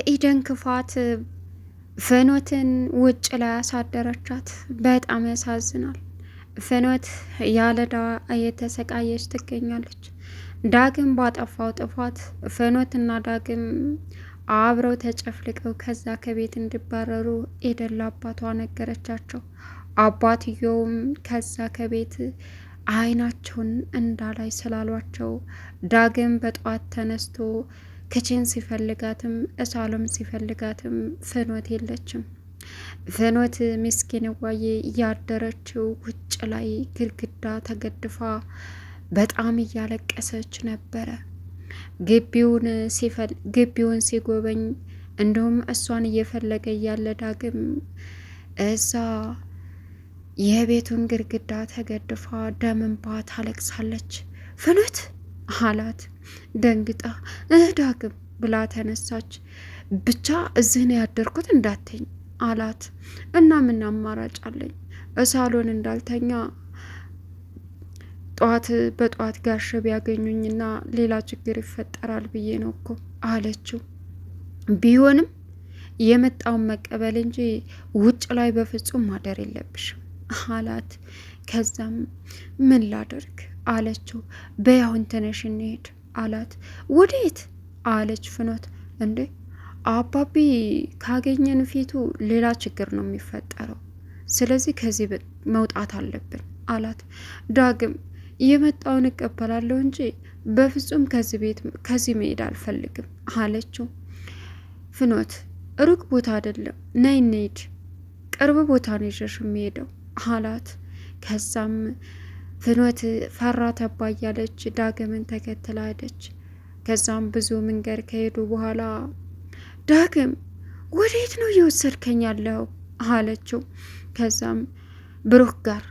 የኢደን ክፋት ፍኖትን ውጭ ላይ ያሳደረቻት በጣም ያሳዝናል። ፍኖት ያለዳ እየተሰቃየች ትገኛለች። ዳግም ባጠፋው ጥፋት ፍኖትና ዳግም አብረው ተጨፍልቀው ከዛ ከቤት እንዲባረሩ ኢደን ለአባቷ ነገረቻቸው። አባትየውም ከዛ ከቤት አይናቸውን እንዳላይ ስላሏቸው ዳግም በጠዋት ተነስቶ ክችን ሲፈልጋትም እሳሎም ሲፈልጋትም ፍኖት የለችም። ፍኖት ምስኪን ዋዬ እያደረችው ውጭ ላይ ግድግዳ ተገድፋ በጣም እያለቀሰች ነበረ። ግቢውን ሲፈል ግቢውን ሲጎበኝ እንዲሁም እሷን እየፈለገ እያለ ዳግም እዛ የቤቱን ግድግዳ ተገድፋ ደምንባ ታለቅሳለች። ፍኖት አላት። ደንግጣ እህ ዳግም ብላ ተነሳች። ብቻ እዚህ ነው ያደርኩት እንዳትኝ አላት። እና ምን አማራጭ አለኝ? እሳሎን እንዳልተኛ ጠዋት በጠዋት ጋሸ ቢያገኙኝና ሌላ ችግር ይፈጠራል ብዬ ነው እኮ አለችው። ቢሆንም የመጣውን መቀበል እንጂ ውጭ ላይ በፍጹም ማደር የለብሽም አላት። ከዛም ምን ላደርግ አለችው። በያሁን ተነሽ እንሄድ አላት። ወዴት አለች ፍኖት። እንዴ አባቢ ካገኘን ፊቱ ሌላ ችግር ነው የሚፈጠረው። ስለዚህ ከዚህ መውጣት አለብን አላት። ዳግም የመጣውን እቀበላለሁ እንጂ በፍጹም ከዚህ ቤት ከዚህ መሄድ አልፈልግም አለችው። ፍኖት ሩቅ ቦታ አይደለም ነይ እንሂድ፣ ቅርብ ቦታ ነው የሚሄደው አላት። ከዛም ፍኖት ፈራ ተባ እያለች ዳግምን ተከትላ ሄደች። ከዛም ብዙ መንገድ ከሄዱ በኋላ ዳግም ወዴት ነው እየወሰድከኝ ያለው አለችው። ከዛም ብሩክ ጋር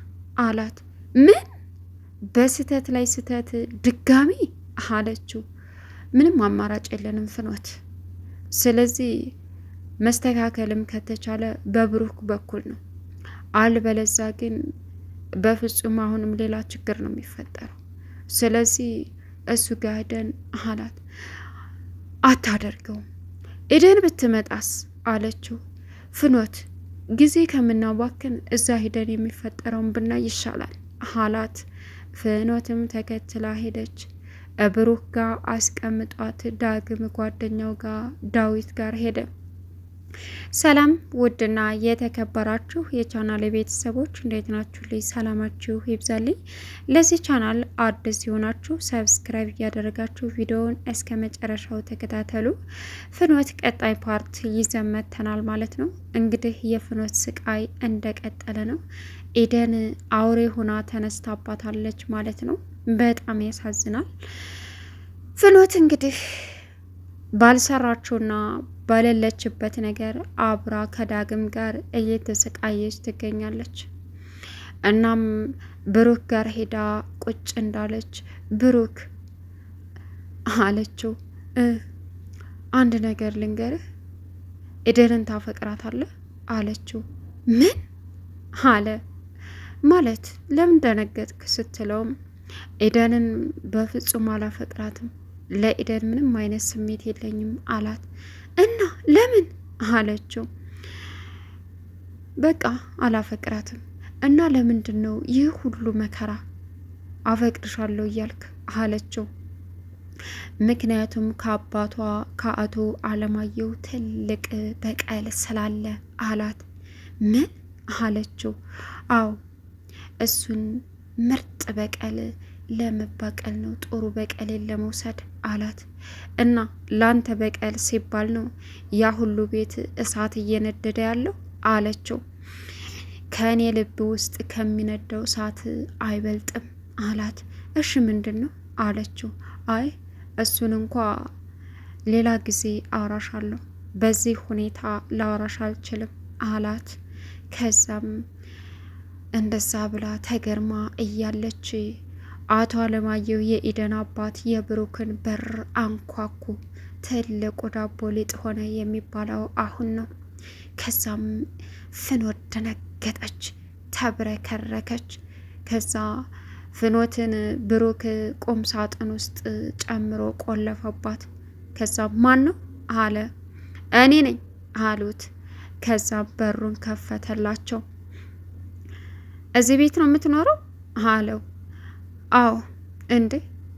አላት። ምን በስህተት ላይ ስህተት ድጋሚ አለችው። ምንም አማራጭ የለንም ፍኖት። ስለዚህ መስተካከልም ከተቻለ በብሩክ በኩል ነው፣ አልበለዛ ግን በፍጹም አሁንም ሌላ ችግር ነው የሚፈጠረው። ስለዚህ እሱ ጋር ሄደን አላት። አታደርገውም ኢደን ብትመጣስ አለችው። ፍኖት ጊዜ ከምናባክን እዛ ሄደን የሚፈጠረውን ብናይ ይሻላል አላት። ፍኖትም ተከትላ ሄደች። ብሩክ ጋር አስቀምጧት ዳግም ጓደኛው ጋር ዳዊት ጋር ሄደም። ሰላም ውድና የተከበራችሁ የቻናል ቤተሰቦች እንዴት ናችሁ? ልይ ሰላማችሁ ይብዛልኝ። ለዚህ ቻናል አዲስ ሲሆናችሁ ሰብስክራይብ እያደረጋችሁ ቪዲዮውን እስከ መጨረሻው ተከታተሉ። ፍኖት ቀጣይ ፓርት ይዘመተናል ማለት ነው። እንግዲህ የፍኖት ስቃይ እንደቀጠለ ነው። ኢደን አውሬ ሆና ተነስታባታለች ማለት ነው። በጣም ያሳዝናል። ፍኖት እንግዲህ ባልሰራችሁና ባለለችበት ነገር አብራ ከዳግም ጋር እየተሰቃየች ትገኛለች። እናም ብሩክ ጋር ሄዳ ቁጭ እንዳለች ብሩክ አለችው፣ አንድ ነገር ልንገርህ፣ ኤደንን ታፈቅራታለህ አለችው። ምን አለ ማለት ለምን ደነገጥክ ስትለውም ኤደንን በፍጹም አላፈቅራትም፣ ለኤደን ምንም አይነት ስሜት የለኝም አላት። እና ለምን አለችው። በቃ አላፈቅራትም እና ለምንድን ነው ይህ ሁሉ መከራ አፈቅድሻለሁ እያልክ አለችው። ምክንያቱም ከአባቷ ከአቶ አለማየሁ ትልቅ በቀል ስላለ አላት። ምን አለችው? አዎ እሱን ምርጥ በቀል ለመባቀል ነው፣ ጥሩ በቀሌን ለመውሰድ አላት። እና ላንተ በቀል ሲባል ነው ያ ሁሉ ቤት እሳት እየነደደ ያለው አለችው። ከእኔ ልብ ውስጥ ከሚነደው እሳት አይበልጥም አላት። እሺ ምንድን ነው አለችው። አይ እሱን እንኳ ሌላ ጊዜ አውራሻለሁ፣ በዚህ ሁኔታ ላውራሽ አልችልም አላት። ከዛም እንደዛ ብላ ተገርማ እያለች አቶ አለማየሁ የኢደን አባት የብሩክን በር አንኳኩ። ትልቁ ዳቦ ሊጥ ሆነ የሚባለው አሁን ነው። ከዛም ፍኖት ደነገጠች፣ ተብረከረከች። ከዛ ፍኖትን ብሩክ ቁም ሳጥን ውስጥ ጨምሮ ቆለፈባት። ከዛ ማን ነው አለ። እኔ ነኝ አሉት። ከዛ በሩን ከፈተላቸው። እዚህ ቤት ነው የምትኖረው አለው። አዎ እንዴ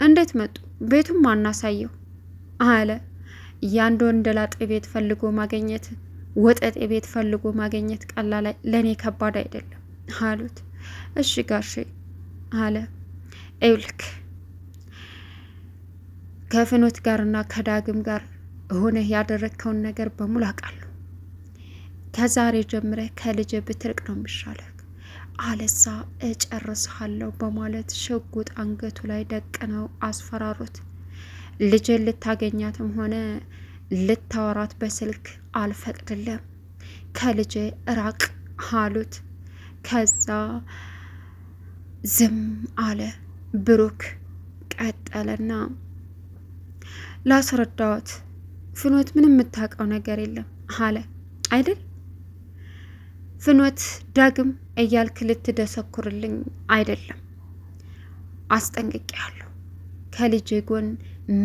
እንዴት መጡ? ቤቱም አናሳየው አለ። ያንድ ወንደላጤ ቤት ፈልጎ ማገኘት ወጠጤ ቤት ፈልጎ ማገኘት ቀላል ለእኔ ከባድ አይደለም አሉት። እሺ ጋሼ አለ። ኤውልክ ከፍኖት ጋርና ከዳግም ጋር ሆነህ ያደረግከውን ነገር በሙሉ አውቃለሁ። ከዛሬ ጀምረህ ከልጄ ብትርቅ ነው የሚሻለው አለዛ እጨርስሃለሁ በማለት ሽጉጥ አንገቱ ላይ ደቅነው አስፈራሩት። ልጅን ልታገኛትም ሆነ ልታወራት በስልክ አልፈቅድልም፣ ከልጄ ራቅ አሉት። ከዛ ዝም አለ። ብሩክ ቀጠለና ላስረዳዎት፣ ፍኖት ምንም የምታውቀው ነገር የለም አለ አይደል ፍኖት ዳግም እያልክ ልትደሰኩርልኝ አይደለም፣ አስጠንቅቄያለሁ። ከልጄ ጎን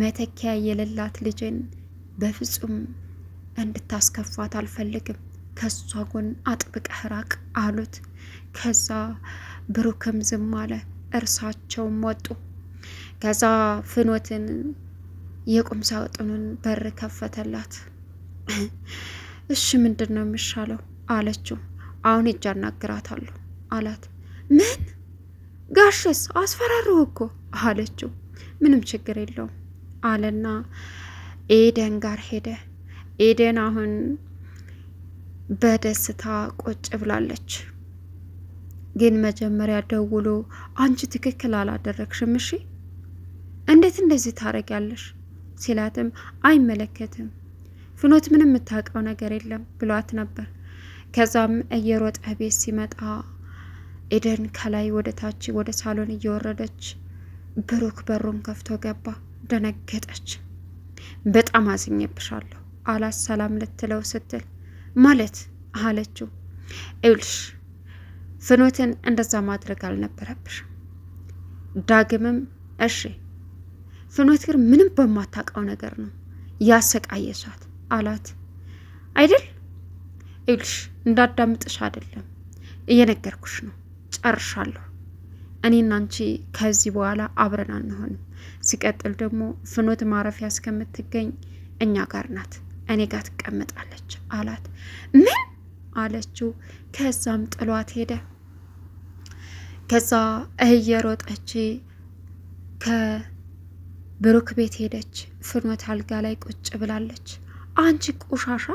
መተኪያ የሌላት ልጄን በፍጹም እንድታስከፋት አልፈልግም። ከሷ ጎን አጥብቀህ ራቅ አሉት። ከዛ ብሩክም ዝም አለ። እርሳቸውም ወጡ። ከዛ ፍኖትን የቁም ሳጥኑን በር ከፈተላት። እሺ ምንድን ነው የሚሻለው አለችው። አሁን ሂጅ አናግራታለሁ አላት። ምን ጋሽስ አስፈራሩህ እኮ አለችው። ምንም ችግር የለውም አለና ኤደን ጋር ሄደ። ኤደን አሁን በደስታ ቆጭ ብላለች። ግን መጀመሪያ ደውሎ አንቺ ትክክል አላደረግሽም፣ እሺ እንዴት እንደዚህ ታረጊያለሽ ሲላትም አይመለከትም ፍኖት ምንም የምታውቀው ነገር የለም ብሏት ነበር። ከዛም እየሮጠ ቤት ሲመጣ ኤደን ከላይ ወደ ታች ወደ ሳሎን እየወረደች ብሩክ በሩን ከፍቶ ገባ። ደነገጠች። በጣም አዝኜብሻለሁ አላት ሰላም ልትለው ስትል ማለት አለችው። ይኸውልሽ ፍኖትን እንደዛ ማድረግ አልነበረብሽ። ዳግምም እሺ ፍኖት ግን ምንም በማታውቀው ነገር ነው ያሰቃየሷት አላት አይደል ይኸውልሽ እንዳዳምጥሽ አይደለም እየነገርኩሽ ነው። ጨርሻለሁ። እኔና አንቺ ከዚህ በኋላ አብረን አንሆንም። ሲቀጥል ደግሞ ፍኖት ማረፊያ እስከምትገኝ እኛ ጋር ናት፣ እኔ ጋር ትቀመጣለች አላት። ምን አለችው። ከዛም ጥሏት ሄደ። ከዛ እየሮጠች ከብሩክ ቤት ሄደች። ፍኖት አልጋ ላይ ቁጭ ብላለች። አንቺ ቆሻሻ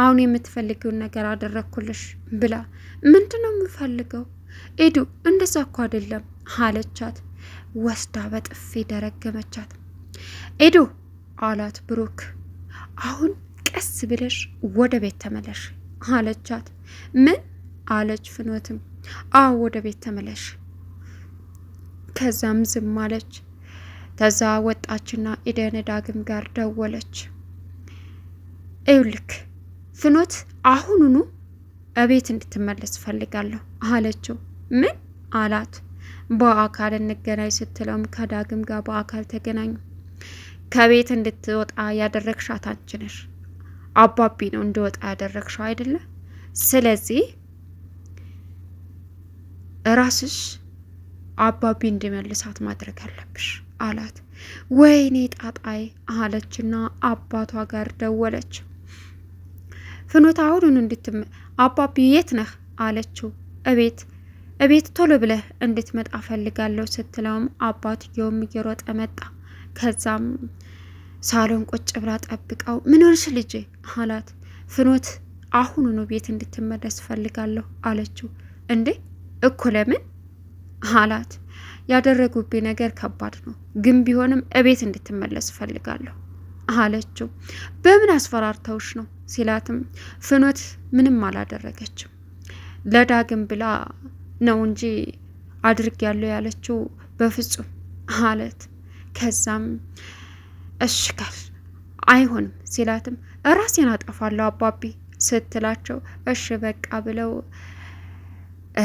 አሁን የምትፈልጊውን ነገር አደረግኩልሽ ብላ ምንድን ነው የምፈልገው ኤዱ እንደዛ እኮ አይደለም አለቻት። ወስዳ በጥፊ ደረገመቻት። ኤዱ አላት ብሩክ አሁን ቀስ ብለሽ ወደ ቤት ተመለሽ አለቻት። ምን አለች ፍኖትም አዎ ወደ ቤት ተመለሽ። ከዛም ዝም አለች። ከዛ ወጣችና ኢደን ዳግም ጋር ደወለች። ይኸውልህ ፍኖት አሁኑኑ እቤት እንድትመለስ እፈልጋለሁ አለችው። ምን አላት? በአካል እንገናኝ ስትለውም ከዳግም ጋር በአካል ተገናኙ። ከቤት እንድትወጣ ያደረግሻት አንቺ ነሽ። አባቢ ነው እንድወጣ ያደረግሻው አይደለም? ስለዚህ ራስሽ አባቢ እንዲመልሳት ማድረግ አለብሽ አላት። ወይኔ ጣጣይ አለችና አባቷ ጋር ደወለች። ፍኖት አሁኑን እንድትም አባቢ የት ነህ አለችው። እቤት እቤት ቶሎ ብለህ እንድትመጣ ፈልጋለሁ ስትለውም አባትየውም እየሮጠ መጣ። ከዛም ሳሎን ቁጭ ብላ ጠብቀው ምን ሆንሽ ልጄ አላት። ፍኖት አሁኑኑ ቤት እንድትመለስ ፈልጋለሁ አለችው። እንዴ እኮ ለምን አላት። ያደረጉብኝ ነገር ከባድ ነው፣ ግን ቢሆንም እቤት እንድትመለስ ፈልጋለሁ አለችው። በምን አስፈራርተውሽ ነው ሲላትም ፍኖት ምንም አላደረገችም ለዳግም ብላ ነው እንጂ አድርግ ያለው ያለችው በፍጹም አለት። ከዛም እሽካል አይሆንም ሲላትም ራሴን አጠፋለሁ አባቢ ስትላቸው እሽ በቃ ብለው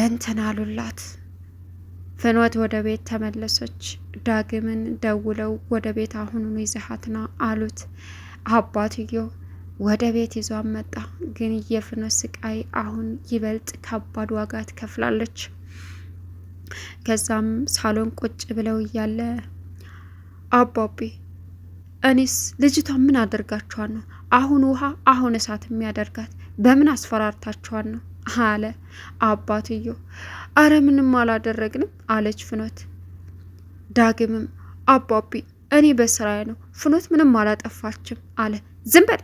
እንትን አሉላት። ፍኖት ወደ ቤት ተመለሰች። ዳግምን ደውለው ወደ ቤት አሁኑኑ ይዘሃትና አሉት አባትየው ወደ ቤት ይዟን መጣ። ግን የፍኖት ስቃይ አሁን ይበልጥ ከባድ ዋጋ ትከፍላለች። ከዛም ሳሎን ቁጭ ብለው እያለ አባቤ እኔስ ልጅቷ ምን አደርጋችኋት ነው? አሁን ውሃ አሁን እሳት የሚያደርጋት በምን አስፈራርታችኋት ነው? አለ አባትዮ። አረ ምንም አላደረግንም አለች ፍኖት። ዳግምም አባቢ እኔ በስራዬ ነው፣ ፍኖት ምንም አላጠፋችም አለ። ዝም በል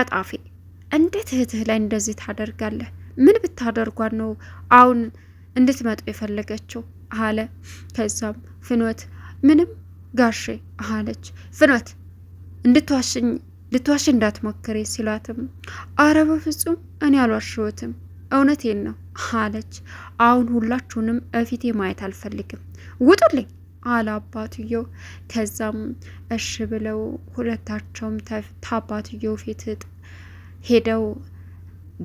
ቀጣፊ እንዴት እህትህ ላይ እንደዚህ ታደርጋለህ? ምን ብታደርጓት ነው አሁን እንድትመጡ የፈለገችው አለ። ከዛም ፍኖት ምንም ጋሼ አለች። ፍኖት እንድትዋሽኝ ልትዋሽ እንዳትሞክሬ ሲሏትም አረ በፍጹም እኔ አልዋሽዎትም እውነቴን ነው አለች። አሁን ሁላችሁንም እፊቴ ማየት አልፈልግም፣ ውጡልኝ አለ አባትየው። ከዛም እሽ ብለው ሁለታቸውም ታባትየው ፊት ሄደው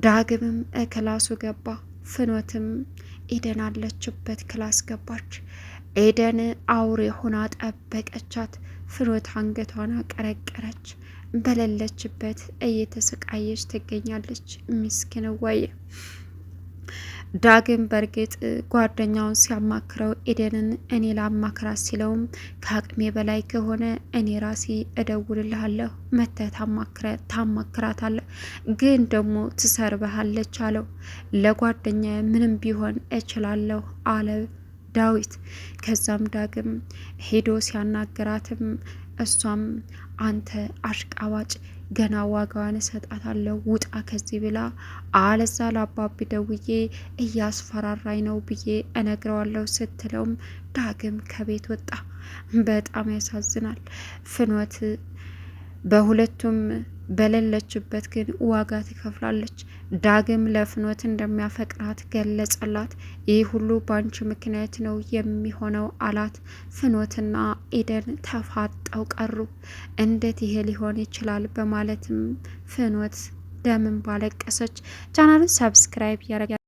ዳግምም ክላሱ ገባ። ፍኖትም ኢደን አለችበት ክላስ ገባች። ኤደን አውሬ ሆና ጠበቀቻት። ፍኖት አንገቷን አቀረቀረች። በሌለችበት እየተሰቃየች ትገኛለች። ወይ ዳግም በእርግጥ ጓደኛውን ሲያማክረው ኤደንን እኔ ላማክራት ሲለውም ከአቅሜ በላይ ከሆነ እኔ ራሴ እደውልልሃለሁ መተህ ታማክራታለህ፣ ግን ደግሞ ትሰርበሃለች አለው። ለጓደኛ ምንም ቢሆን እችላለሁ አለ ዳዊት። ከዛም ዳግም ሄዶ ሲያናግራትም እሷም አንተ አሽቃባጭ ገና ዋጋዋን እሰጣታለሁ ውጣ ከዚህ ብላ አለዛ ለአባቢ ደውዬ እያስፈራራኝ ነው ብዬ እነግረዋለሁ ስትለውም ዳግም ከቤት ወጣ። በጣም ያሳዝናል ፍኖት በሁለቱም በሌለችበት ግን ዋጋ ትከፍላለች። ዳግም ለፍኖት እንደሚያፈቅራት ገለጸላት። ይህ ሁሉ ባንቺ ምክንያት ነው የሚሆነው አላት። ፍኖትና ኢደን ተፋጠው ቀሩ። እንዴት ይሄ ሊሆን ይችላል? በማለትም ፍኖት ደምን ባለቀሰች። ቻናሉን ሰብስክራይብ